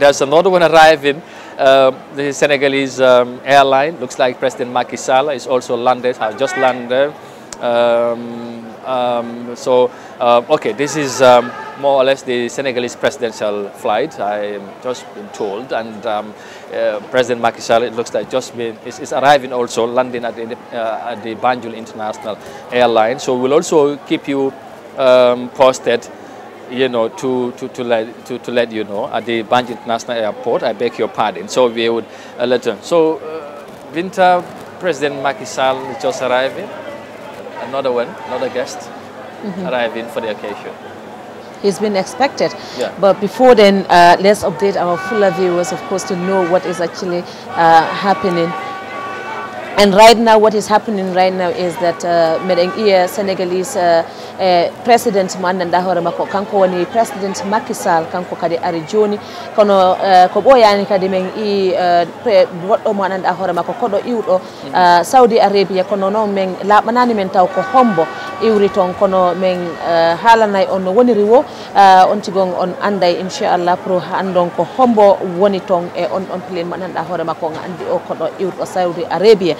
There's another one arriving, uh, the Senegalese um, airline, looks like President Macky Sall is also landed, has just landed. Um, um, so, uh, okay, this is um, more or less the Senegalese presidential flight, i just been told. And um, uh, President Macky Sall, it looks like just been, is, is arriving also, landing at the, uh, at the Banjul International Airline. So we'll also keep you posted you know, to, to, to, let, to, to let you know, at the Banj International Airport, I beg your pardon. So we would alert. Uh, let them. So uh, winter, President Macky Sall is just arriving. Another one, another guest mm -hmm. arriving for the occasion. He's been expected. Yeah. But before then, uh, let's update our fuller viewers, of course, to know what is actually uh, happening. And right now, what is happening right now is that uh, Senegalese uh, eh, president mo anndanɗa hoore makko kanko woni president makisal kanko kadi ari joni kono eh, ko ɓoyani kadi min i goɗɗo eh, mo anndanɗa hoore makko koɗo iwɗo eh, saudi arabia kono noon min laaɓanani men taw ko hombo iwri toon kono min eh, haalanay on no woniri wo on tigon on anday inchallah pour andon ko hombo woni toon e on ɗon pilin mo anndanɗa hoore makko on andi o koɗo iwɗo saudi arabia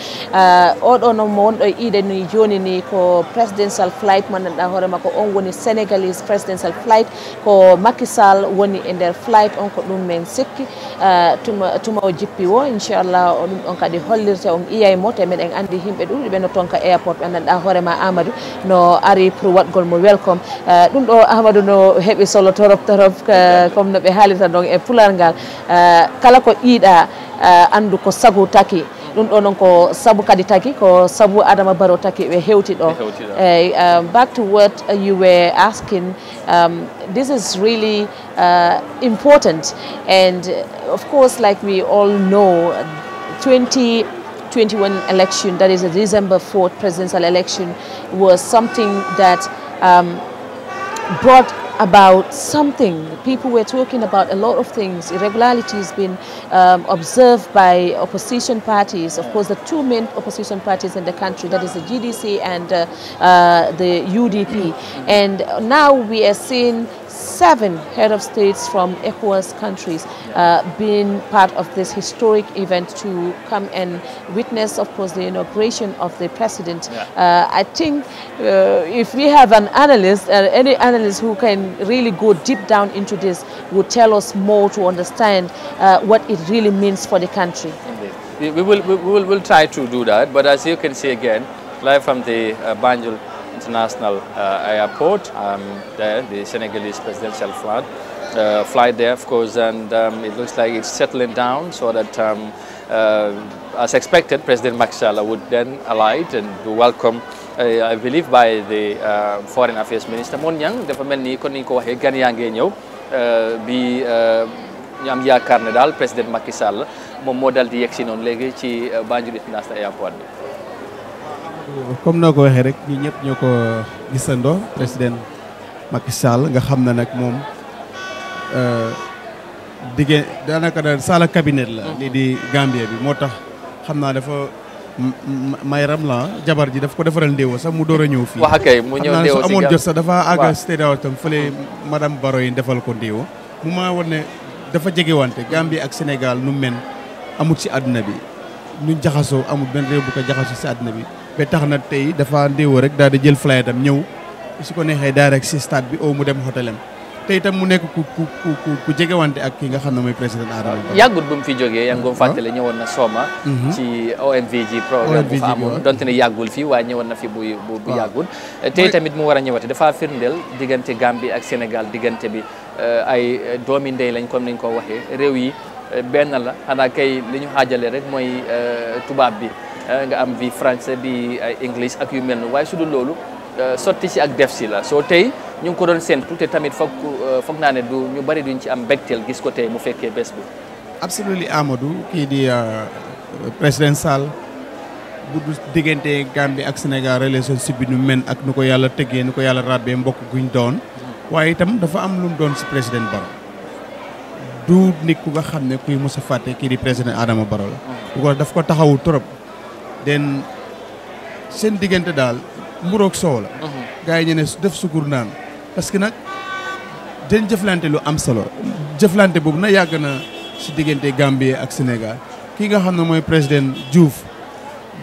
oɗo noon mo wonɗo iide ni joni ni ko presidential flight mo anndanɗa hore makko on woni sénégalise présidential flight ko makisal woni e nder flight on ko ɗum men sikki ah, tuma tuma o jippi o inchallah o ɗum on kadi hollirte on iyay mo te meɗen andi himɓe ɗuɗi ɓe no tonka airport ɓe andanɗa hoorema amadou no ari pour waɗgol mo welcome ah, ɗum ɗo amadou no heeɓi solo torop torop comme no ɓe haalirta ɗon e pular ngal ah, kala ko ƴiiɗa andu ko sagu taki ko sabu kadi ko sabu adama baro taki hewti um, back to what you were asking um, this is really uh, important and uh, of course like we all know 20 21 election, that is a December 4th presidential election, was something that um, brought about something. People were talking about a lot of things. Irregularities been um, observed by opposition parties. Of course, the two main opposition parties in the country, that is the GDC and uh, uh, the UDP. And now we are seeing seven head of states from ECOWAS countries uh, being part of this historic event to come and witness, of course, the inauguration of the president. Yeah. Uh, I think uh, if we have an analyst, uh, any analyst who can really go deep down into this would tell us more to understand uh, what it really means for the country. Indeed. We will, we will we'll try to do that, but as you can see again, live from the uh, Banjul International uh, Airport. Um, there, the Senegalese presidential flight, uh, flight there, of course, and um, it looks like it's settling down so that. Um, uh, as expected, President Macky Sall would then alight and be welcomed I believe by the uh, foreign affairs minister moon ñang dafa mel ni kon ni ko waxee gan yaa bi ñu am yaakaar président Macky Sall moom moo dal di yegg si noonu léegi International Airport comme noo ko waxee rek ñu ñëpp ñoo ko gisandoo président Macky Sall nga xam ne nag moom euh, diggé daanaka daal sala kabinet la. lii di Gambie bi moo tax xam naa dafa mayram la jabar ji daf ko defaral ndéewa sax mu door a ñëw fii. wax kay mu ñëw ndéewa jot sax dafa àgga stade tam fële madame Baro yi defal ko ndéewa. mu maa woon ne dafa jegewante Gambie ak Sénégal nu men amut si àdduna bi nu jaxasoo amul benn réew bu ko jaxasoo si àdduna bi. ba tax na tey dafa ndéewoo rek daal di jël flyam ñëw su ko neexee direct si stade bi oo mu dem hôtelam te itam mu nekk ku ku ku ku jegewante ak ki nga xam ne mooy président Adama Barrow. yàggut bu mu fi jógee yaa ngi ko fàttali ñëwoon na Soma. Mhm. ci OMVG programme bu fa amoon donte ne yàggul fii waaye ñëwoon na fi bu bu bu yàggul. tey tamit mu war a ñëwati dafa firndeel diggante Gambie ak Sénégal diggante bi eh, ay eh, doomi ndey lañ kom ni ñu ko waxee réew yi eh, benn la xanaa kay li xaajale rek mooy tubaab bi. Eh, nga am vie français bi ay eh, english ak yu mel way sudul su eh, sorti ci ak def ci la so tay ñu ko doon sentu te tamit fokk fokk naa ne du ñu bari duñ ci am mbégteel gis ko tay mu fekke bés absolutely Amadou ki di president sal bu du diggante Gambie ak Sénégal ci bi ñu men ak nuko yalla teggé nuko yalla rabé mbokk guñ doon. waye tam dafa am lu mu doon ci président bar du nit ku nga xamné kuy mos a di président Adama Barrow bu ko mm. daf ko taxawu trop. den seen diggante daal mburoog soow la. Mhm. gars yi ñu ne def sukur naan parce que nag den jëflante lu am solo jëflante boobu na yàgg na si diggante Gambie ak Sénégal ki nga xam ne mooy président Diouf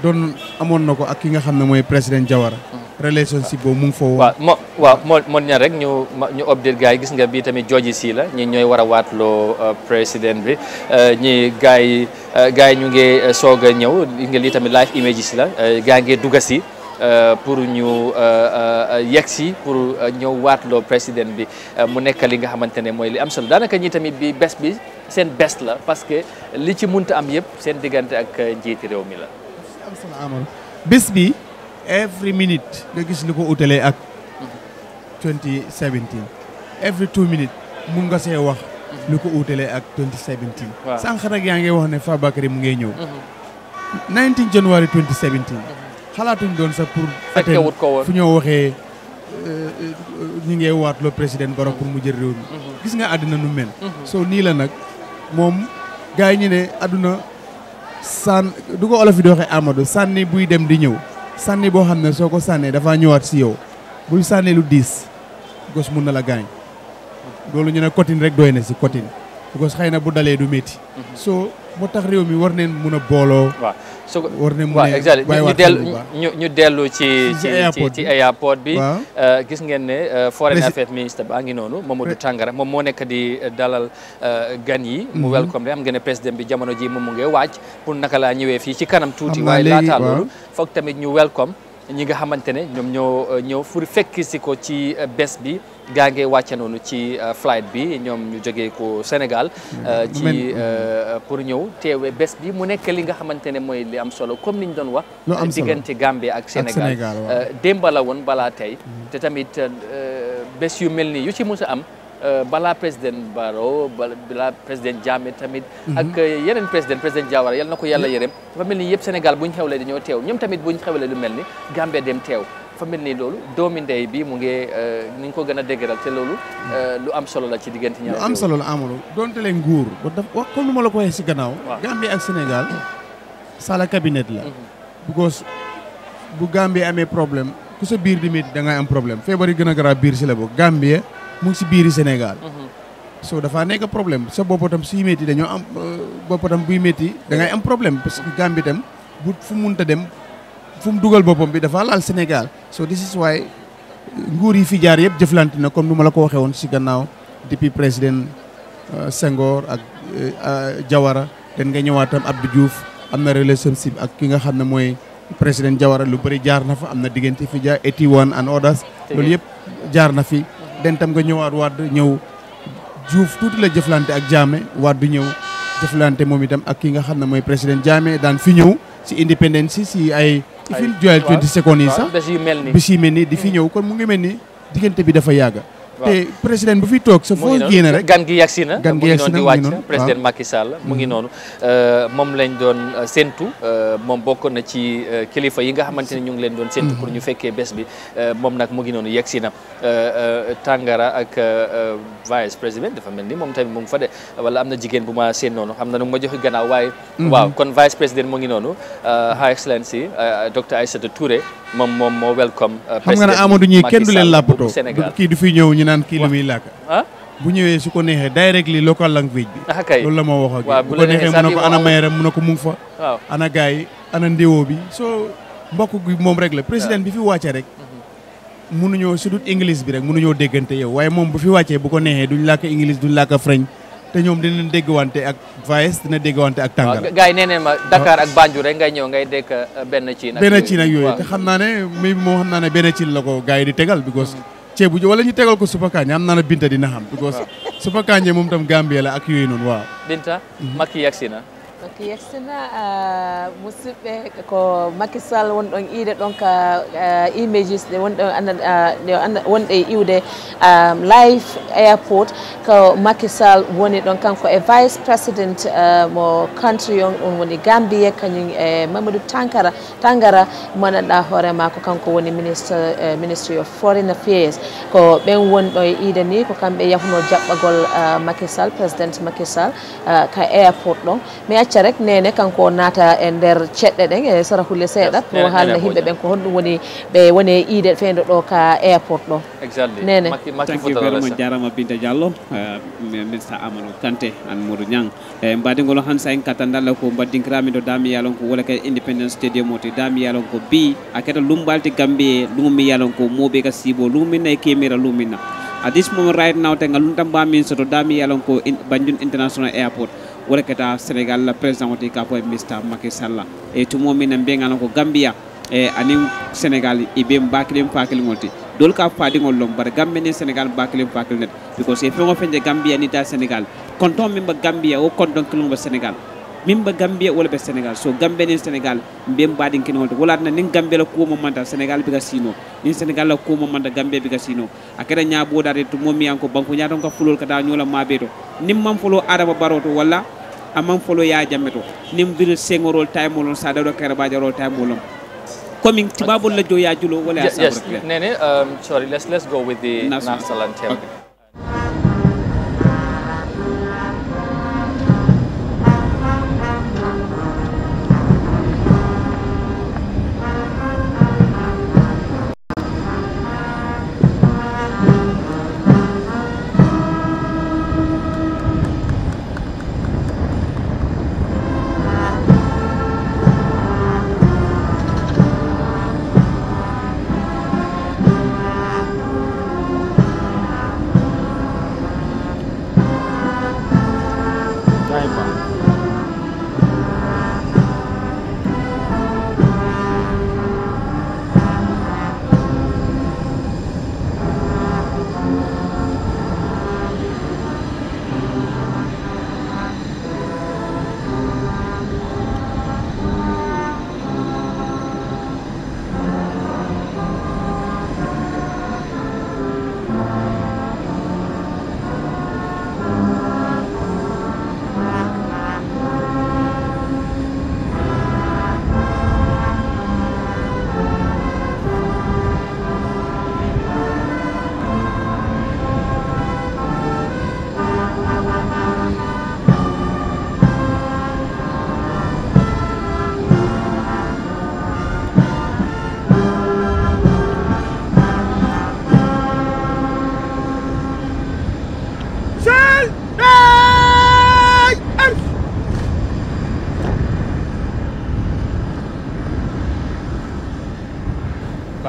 doon amoon na ko ak ki nga xam ne mooy président jawar mhm. relationship boobu mu ngi foofu. waaw moo waaw moo moo rek ñu ñu update gars yi gis nga bii tamit jooji sii la ñu ñooy war a waatloo euh, président bi euh, ñi gars yi euh, gars yi ñu ngi soog a ñëw nga lii tamit live image si la gaa ngi dugg si. pour ñu yegg si pour ñëw waatloo président bi mu nekk li nga xamante ne mooy li am solo daanaka ñi tamit bi bés bi seen bés la parce que li ci munta am yëpp seen diggante ak njiiti réew mi la. every minute nga gis li ko utalee ak 2017 every two minutes mun nga see wax lu ko utalee ak 2017 sànq rek yaa ngi wax ne Fabakary mu ngay ñëw 19 mhm. January 2017 mhm. xalaatuñ doon sax pour fekkewut ko woon fu ñoo waxee euh, euh, ñi ngay waatloo président Barrow pour mu jël réew mi mhm. gis nga àddina nu mel so nii la nag moom gars yi ñu ne àdduna saan du ko olof yi di waxee Amadou sànni buy dem di ñëw sanni bo xamne soko soo dafa sànnee ñëwaat yow lu gos mu na la gañ lolu ñu ne cotine rek doyna ci si cotine gos xeyna bu dalé du metti mhm. so motakriomi tax réew mi war neen mëna bolo booloo war neen mëna way ñu ñu ci ci ci airport bi euh, gis ngeen ne euh, foreign affairs minister ba ngi nonu Mamadou Tangara mom mo nekk di euh, dalal gan yi mu mhm. welcome rek am ngeen president bi jamono ji mom mu ngi wacc pour naka la fi ci kanam way la ta lolu foog tamit ñu welcome ñi nga xamante ne ñoom ñoo euh, ñëw pour fekk si ko ci euh, bés bi gaa ngi wàcce noonu ci euh, flight bi ñoom ñu jógee ko Sénégal. Mm-hmm. ci pour ñëw teewe bés bi mu nekk li nga xamante ne mooy li am solo comme ni ñu doon wax. diggante Gambie ak Sénégal démb la woon balaa tey. Mm-hmm. te tamit bés yu mel ni yu ci mos a am. Euh, balaa président Barrow tamit. Mhm. ak euh, yeneen président président Jawara yal na ko yàlla yërëm. dafa mel ni yëpp Sénégal bu ñu xewlee dañoo teew ñoom tamit bu ñu xewlee lu mel ni Gambie dem teew. fa mel ni loolu doomi ndey bi mu ngi euh, ni ñu ko gën a dégëral te loolu lu am solo la ci diggante ñaar lu am solo la amul donte nguur comme nu si gannaaw Gambie ak Sénégal sala cabinet la mhm. bu Gambie amee problème ku sa biir di métti da ngay am problème feebar yi gën a garaaw biir si la mu ngi Senegal, mhm. so dafa nek problème sa bopp si suy métti dañoo am euh, bopp tam buy métti da ngay am problème parce que Gambie tam bu fu munta dem fu mu dugal boppam bi dafa laal Sénégal so this is why euh, nguur yi fi jaar yeb jëflante na comme numa la ko waxee won ci gannaaw depuis président euh, Senghor ak Jawara den nga ñëwaat tam Abdou Diouf am relationship ak ki nga xamne moy président Jawara lu bari jaar na fa am na fi jaar eighty one and others lool yeb jaar na fi den tam nga ñëwaat Wade ñëw Diouf tuuti la jëflante ak waat Wade ñëw jëflante moom itam ak ki nga xam ne mooy président Jammeh daan fi ñëw ci indépendance si ay. ay waaw waaw bés yu mel nii fi ñu joxe 20 secondes yi sax bés yu mel nii di fi ñëw kon mu ngi mel ni diggante bi dafa yàgg. te président bu fi toog sa foo génne rek gan gi yagsi na gan gi yagsi na mu ngi noonu président Macky mu ngi mm-hmm. noonu euh, moom lañ doon euh, séntu euh, moom bokk na ci kilifa yi nga xamante ne ñu ngi leen doon séntu pour ñu mm-hmm. fekkee bés bi moom nag mu ngi noonu yagsi na Tangara ak vice président dafa mel ni moom tamit mu fa de wala am na jigéen bu ma seen noonu xam na nu ma joxe gannaaw waaye mm-hmm. waaw kon vice président mu ngi noonu High Excellency docteur Aïssata Touré moom moom moo welcome. Euh, xam nga ne Amadou ñii kenn du leen làppatoo kii du fi ñëw ñu naan kii li muy làkk. bu ñëwee su ko neexee directly local language bi. Ah, kay loolu la ma wax ak bu ko neexee na ko ana Mayra mun na ko mu ngi fa. waaw ana gars yi ana ndéwoo bi soo mbokk gi moom rek la président bi fi wàcce rek. Mm-hmm. munuñoo su dut english bi rek munuñoo déggante yow waaye moom bu fi wàccee bu ko neexee duñ làkk english duñ làkk french te ñoom dinañ déggwante ak Faes dina déggwante ak Tàngal. gars yi nee nañ ma Dakar ak Banjul rek ngay ñëw ngay dégg euh, benn ciin. ak benn ciin ak yooyu te xam naa ne muy moom xam naa ne benn ciin la ko gars yi di tegal. because ceeb bu wala ñu tegal ko supa kànja am naa ne Binta dina xam. waaw because supa kànja moom tam Gambie la ak yooyu noonu waaw. Binta. Macky yegsi na. yettina eh, musidɓe ko makisal won ɗon iide ɗon ka eh, images ɗe eh, wonɗe iwde life airport ko makisal woni ɗon kanko e vice président mo country on ɗum woni gambia kañum e mamadou tankara tangara monanɗa hoorema ko kanko woni minister ministry of foreign affairs ko ɓen wonɗo e iide ni ko kamɓe yahuno jaɓɓagol makisal président makisal ka airport ɗon mi accare rek nene kanko nata e der cedde den e eh, hulle seeda pour haalna himbe ben ko honɗum woni be woni ide feendo do ka airport do nene jarama binta eh, an e eh, han sa en ko dami yalon ko wala independence stadium dami yalon ko bi yalon ko ka lumina e kemira lumina at this moment right now luntam dami yalon ko banjun international airport woreketa sénégal présidentoti ka poye mista maky sall e tumo min en mbiyegano ko gambia e anin sénégal iɓe mbakilen pakilgol ti dol ka paadiŋol lom bar gambe ni sénégal mbakilen pakil net because e feŋo feŋ je gambia ni da sénégal konton min ba gambia o konton kiliŋo ba sénégal min ba gambia wala be sénégal so gambe nin sénégal mbiyen mbaɗin kene wala atana nin gambia la kuwo mo manta sénégal bi ka sino nin sénégal la kuwo mo manta gambia bi ka sino a keta ñaabodade to momiyan ko banko ñaton ka fulol kata ñola mabe to nin man folo adama baroto to walla amam folo yaa jammeto nim bir sengorol taymolol sa dawdo kare bajarol taymolom coming tibabol la joya julo wala yes, yes. nene um, sorry let's let's go with the national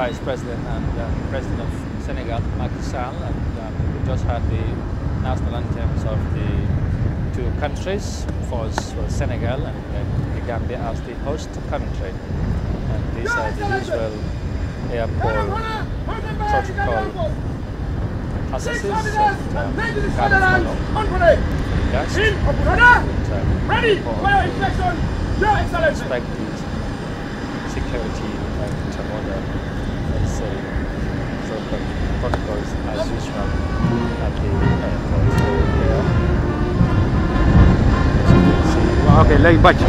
Vice President and uh, President of Senegal, Macky Sall, and um, we just had the national anthems of the two countries. First was Senegal and then Gambia as the host country. And these are the usual airport protocol processes and um, Yes. Ready for inspection, Your Excellency. Respect the security is from up the airport there. Okay, leg budge.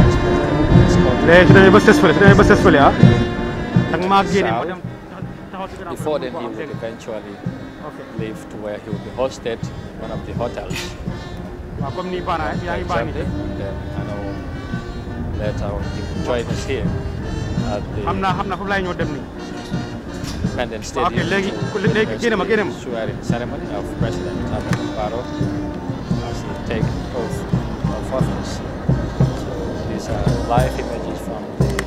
Leg, leg, bus اسفل, leg bus Before then, he would eventually okay. leave to where he would be hosted in one of the hotels. and then, I know, later on, he would join us here at the... Independence stadium. Okay, leg, leg, get him, get him. Swearing ceremony of President Abdel Barrow as he take oath of office. So these are live images from the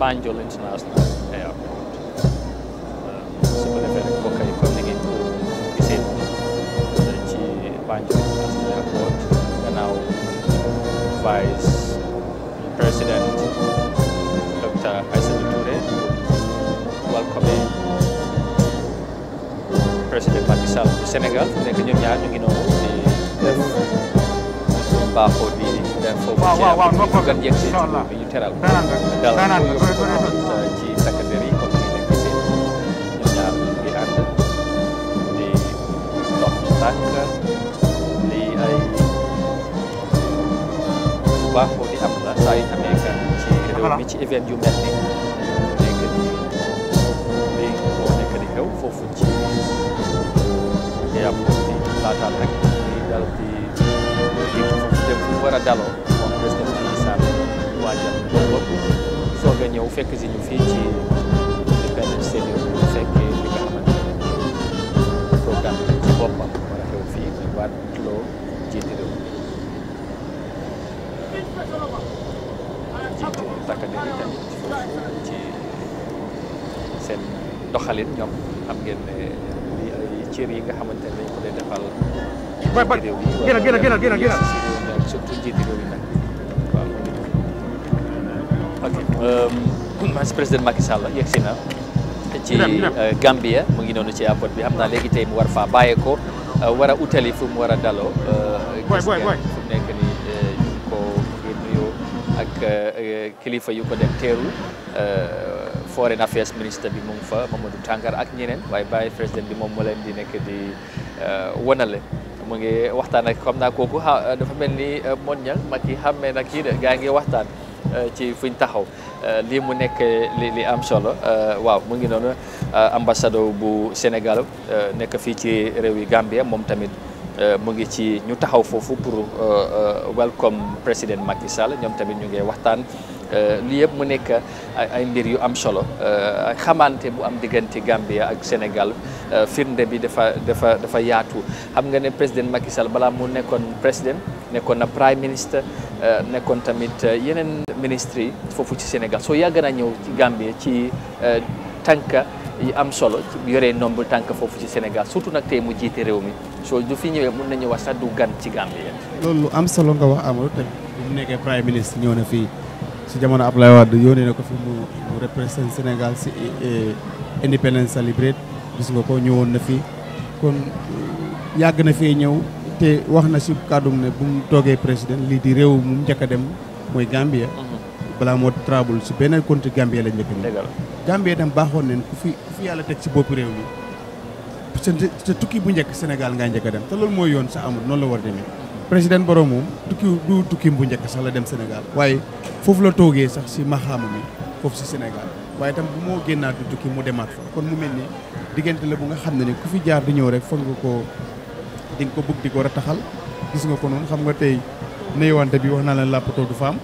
Banjul International Airport. Um, uh, somebody very okay coming into visit the Banjul International Airport. And now Vice President président Macky Sall bu Sénégal fu nekk ñoom ñaar ñu di def di def foofu ci gan yegg si bi ñu teral dal ci takkandeer di ànd di dox tànk di ay di am la saa yu xalaataan rek di dal ci ci dem fu war a daloo moom des na fi saal waajal bopp soog a ñëw fekk si ñu fii ci ci benn séddoo bu fekkee li nga xamante ne programme bi ci boppam war a waat loo jiite réew mi jiite takk der yi tamit ci seen doxalin ñoom xam ngeen ne. ciri yi nga xamante dañ ko dee defal réew yi gënal gënal gënal gënal gënal surtout njiiti réew yi nag waaw ok vice président Macky Sall yegg ya, si eh, ci Gambia mu ngi noonu ci airport bi xam naa léegi mu war faa bàyyee ko eh, war a fu mu war a daloo gis eh, nga fu ni ko ngi nuyoo ak kilifa yu ko dem teeru foreign affairs minister bi mu ngi fa Mamadou Tànkar ak ñeneen waaye bàyyi président bi moom moo leen di nekk di euh, wonale mu ngi waxtaan ak xam naa kooku dafa mel ni euh, moon ñang mag yi xàmmee na kii de gaa ngi waxtaan euh, ci fuñ taxaw lii mu nekk li am solo waaw mu ngi noonu ambassadeur bu Sénégal nekk fii ci réew yi Gambia moom tamit mu ngi ci ñu taxaw foofu pour welcome président Macky Sall ñoom tamit ñu ngi waxtaan Euh, li yëpp mu nekk ay mbir yu am solo euh, xamante bu am diggante Gambia ak Sénégal euh, firnde bi dafa dafa dafa yaatu xam nga ne président Macky Sall balaa mu nekkoon président nekkoon na prime ministre nekkoon tamit yeneen ministres yi foofu ci Sénégal soo yàgg na ñëw ci Gambia ci tànka yi am solo yore nombre tànk foofu ci Sénégal surtout nag tey mu jiite réew mi soo du fi ñëwee mun nañu wax sax du gan ci Gambia. loolu am solo nga wax Amadou tamit bu mu nekkee prime ministre ñëw na fii. si jamono lay wad yone na ko fi mu represent senegal ci Independence Celebrate gis nga ko won na fi kon yag na fi ñew te wax na kadung kadum ne bu mu toogee président li di rew mu njëkk dem moy Gambia. Mhm. bala mo trouble si benen compte Gambia la njëkk Gambia dem baxon nañ ku fi fi yalla tek ci bop rew mi ci tukki bu njëkk senegal nga njëkk dem te lool moy yoon sa amul non la war demé président borom moom tukki du tukki bu njëkk sax la dem Sénégal waaye fofu la togué sax si maxaama mi fofu ci Sénégal waaye tam bu mo gennat du tukki mu démat fa kon mu melni ni la bu nga xamné ni ku fi jaar di ñëw rek fa nga ko di nga ko bëgg di ko rataxal gis nga ko non xam nga tay neewante bi wax naa la du fam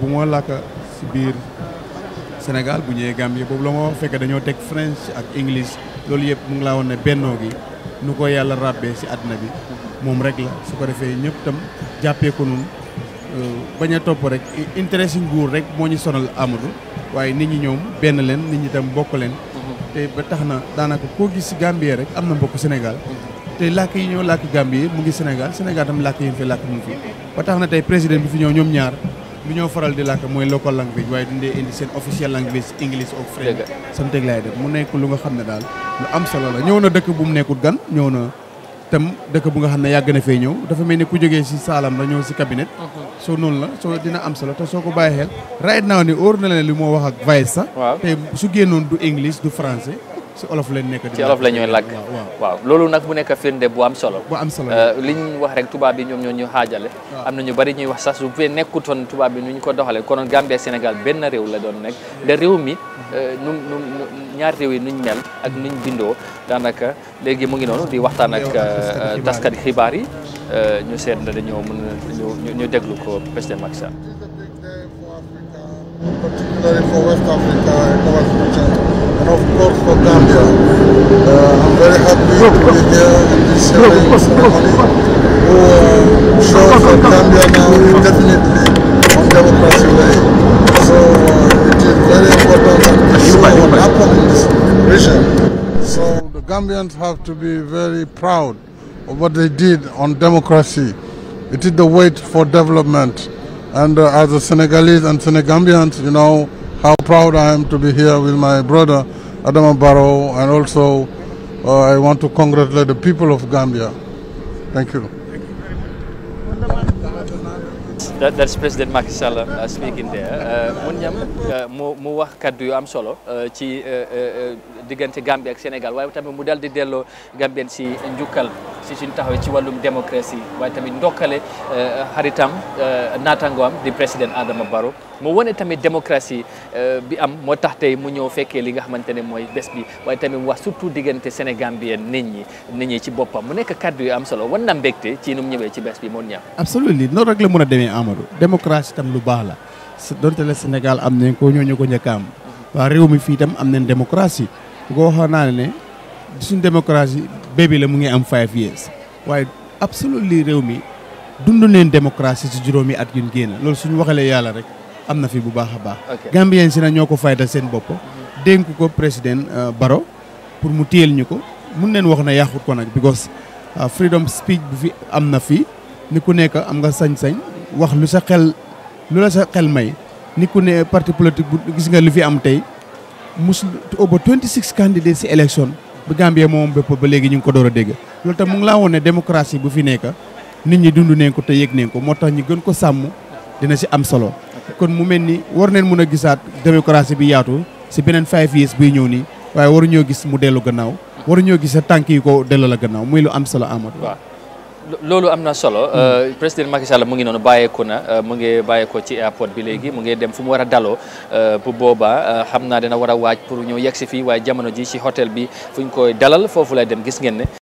bu mo laka ci biir Sénégal bu ñëwé Gambie bobu la mo fekk dañoo tek French ak English loolu yëpp mu ngi la wone benno gi nu ko yàlla si bi moom rek la su ko defee ñëpp tam jàppee ko noonu euh, bañ a topp rek intérêt si nguur rek moo ñu sonal Amadou waaye nit ñi ñoom benn leen nit ñi tam bokk leen. Mhm. te ba tax na daanaka koo gis si Gambie rek am na mbokk Sénégal. Mhm. te làkk yi ñoo làkk Gambie mu ngi Sénégal Sénégal tam làkk yi fi làkk mu ngi ba tax na tey président bi fi ñëw ñoom ñaar lu ñoo faral di làkk mooy local language waaye dundee indi seen official language English ak French. sa laay def mu nekk lu nga xam ne daal am solo la ñëw na dëkk bu mu nekkul gan ñëw na. tam dëkk bu nga xam ne yàgg na fee ñëw dafa mel ni ku jógee si saalam la ñëw si cabinet soo noonu la soo dina am solo te soo ko bàyyi xel right now ni óor na leen li moo wax ak vice sax te su génnoon du english du français ci olof lañ nekk ci la ñuy làkk waaw loolu nag mu nekk firnde bu am solo bu am solo euh, liñ wax rek tubaab bi ñoom ñoo ñu xaajale am na ñu bari ñuy wax sax su fee nekkutoon tubaab bi nu ñu ko doxale konoon Gambie Sénégal benn réew la doon nekk nda réew mi euh, nu nu ñaar réew yi nuñ mel ak nuñ bindoo daanaka léegi mu ngi noonu di waxtaan ak euh, taskat xibaar yi ñu seet na dañoo mën ñu déglu ko président Macky Sall particularly for of course for Gambia. Uh, I'm very happy to be here in this ceremony who uh, shows that Gambia now definitely on democracy way. So uh, it is very important that we show what happened in this region. So the Gambians have to be very proud of what they did on democracy. It is the weight for development. And uh, as a Senegalese and Senegambians, you know, how proud I am to be here with my brother Adama Barrow, and also uh, I want to congratulate the people of Gambia. Thank you. That, that's President Macky Sall uh, speaking there. Uh, mu uh, wax kaddu yu am solo uh, ci uh, diggante Gambie ak Sénégal waye tamit mu dal di delloo Gambien si njukkal ci suñu taxaw ci walum démocratie waye tamit ndokalé eh, haritam eh, naatangoam di président Adama Barrow mu woné tamit démocratie eh, bi am mo tax tay mu ñëw féké li nga xamante moy mooy bi waye tamit wax surtout diggante Sénégambien nit ñi nit ñi ci bopam mu nekk cadre yu am solo won na mbékté ci nu ñëwé ci bés bi mo ñaaw. absolument no rek la mëna démé Amadou démocratie tam lu baax la donte le Sénégal am nañ ko konya ko ñëkam wa am mhm. réew mi fi tam am nañ démocratie. bu ko waxoon naa ne suñ démocratie bébé la mu ngi am five years waaye lii réew mi dund neen démocratie si juróomi at yuñ génn loolu suñu waxalee yàlla rek am na fi bu baax a baax. Gambien si na ñoo ko faytal seen bopp. Mhm. dénk ko président euh, Barrow pour mu téyel ñu ko mun neen wax na yàqut ko nag because euh, freedom speech bu fi am na fii ni ku nekk am nga sañ-sañ wax lu sa xel lu la sa xel may ni ku ne parti politique bu gis nga li fi am tey. mus over 26 candidates si élection bi Gambie moom bépp ba léegi ñu ngi ko door a dégg loolu tam mu ngi laa woon ne démocratie bu fi nekk nit ñi dund neen ko te yëg neen ko moo tax ñu gën ko sàmm dina si am solo kon mu mel ni war neen mun a gisaat démocratie bi yaatu si beneen five years bii ñëw nii waaye ñoo gis mu dellu gannaaw war waruñoo gis sa tànk yi ko delloo la gannaaw muy lu am solo Amadou. loolu am na solo euh, président Macky Sall mu ngi noonu bàyyeeku na euh, mu nge bàyyeeko ci airport bi léegi mu ngi dem fu mu war a daloo euh, bu booba xam naa dina war a waaj pour ñëw yegg si fii waaye jamono ji ci hôtel bi fu ñu koy dalal foofu lay dem gis ngeen ne